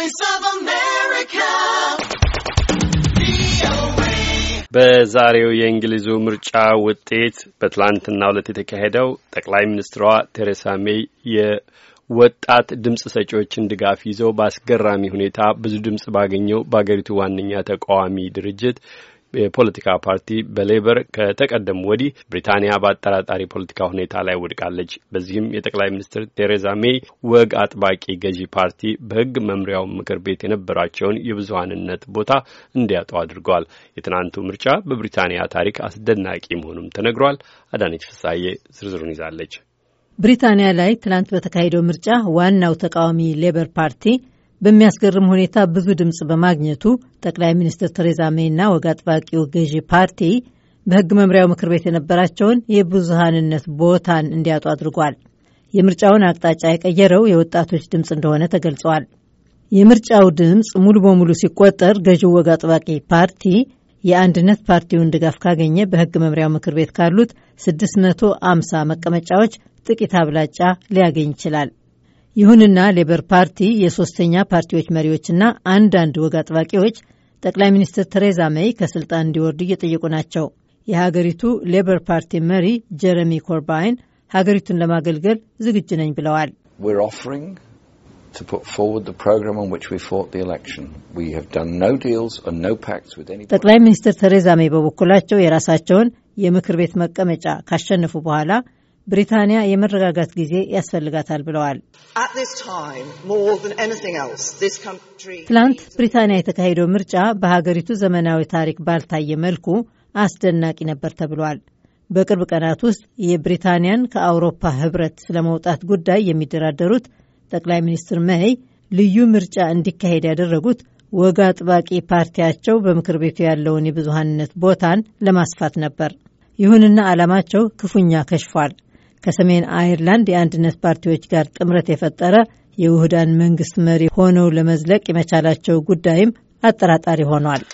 Voice of America. በዛሬው የእንግሊዙ ምርጫ ውጤት በትላንትና ዕለት የተካሄደው ጠቅላይ ሚኒስትሯ ቴሬሳ ሜይ የወጣት ድምፅ ሰጪዎችን ድጋፍ ይዘው በአስገራሚ ሁኔታ ብዙ ድምፅ ባገኘው በአገሪቱ ዋነኛ ተቃዋሚ ድርጅት የፖለቲካ ፓርቲ በሌበር ከተቀደሙ ወዲህ ብሪታንያ በአጠራጣሪ ፖለቲካ ሁኔታ ላይ ወድቃለች። በዚህም የጠቅላይ ሚኒስትር ቴሬዛ ሜይ ወግ አጥባቂ ገዢ ፓርቲ በሕግ መምሪያው ምክር ቤት የነበራቸውን የብዙሀንነት ቦታ እንዲያጡ አድርገዋል። የትናንቱ ምርጫ በብሪታንያ ታሪክ አስደናቂ መሆኑም ተነግሯል። አዳነች ፍሳዬ ዝርዝሩን ይዛለች። ብሪታንያ ላይ ትናንት በተካሄደው ምርጫ ዋናው ተቃዋሚ ሌበር ፓርቲ በሚያስገርም ሁኔታ ብዙ ድምፅ በማግኘቱ ጠቅላይ ሚኒስትር ቴሬዛ ሜይና ወግ አጥባቂው ገዢ ፓርቲ በሕግ መምሪያው ምክር ቤት የነበራቸውን የብዙሃንነት ቦታን እንዲያጡ አድርጓል። የምርጫውን አቅጣጫ የቀየረው የወጣቶች ድምፅ እንደሆነ ተገልጿል። የምርጫው ድምፅ ሙሉ በሙሉ ሲቆጠር ገዢው ወግ አጥባቂ ፓርቲ የአንድነት ፓርቲውን ድጋፍ ካገኘ በሕግ መምሪያው ምክር ቤት ካሉት 650 መቀመጫዎች ጥቂት አብላጫ ሊያገኝ ይችላል። ይሁንና ሌበር ፓርቲ የሶስተኛ ፓርቲዎች መሪዎችና አንዳንድ ወግ አጥባቂዎች ጠቅላይ ሚኒስትር ቴሬዛ መይ ከስልጣን እንዲወርዱ እየጠየቁ ናቸው። የሀገሪቱ ሌበር ፓርቲ መሪ ጀረሚ ኮርባይን ሀገሪቱን ለማገልገል ዝግጁ ነኝ ብለዋል። ጠቅላይ ሚኒስትር ቴሬዛ ሜይ በበኩላቸው የራሳቸውን የምክር ቤት መቀመጫ ካሸነፉ በኋላ ብሪታንያ የመረጋጋት ጊዜ ያስፈልጋታል ብለዋል። ትላንት ብሪታንያ የተካሄደው ምርጫ በሀገሪቱ ዘመናዊ ታሪክ ባልታየ መልኩ አስደናቂ ነበር ተብሏል። በቅርብ ቀናት ውስጥ የብሪታንያን ከአውሮፓ ህብረት ስለመውጣት ጉዳይ የሚደራደሩት ጠቅላይ ሚኒስትር መይ ልዩ ምርጫ እንዲካሄድ ያደረጉት ወግ አጥባቂ ፓርቲያቸው በምክር ቤቱ ያለውን የብዙሃንነት ቦታን ለማስፋት ነበር። ይሁንና ዓላማቸው ክፉኛ ከሽፏል። ከሰሜን አይርላንድ የአንድነት ፓርቲዎች ጋር ጥምረት የፈጠረ የውህዳን መንግስት መሪ ሆነው ለመዝለቅ የመቻላቸው ጉዳይም አጠራጣሪ ሆኗል።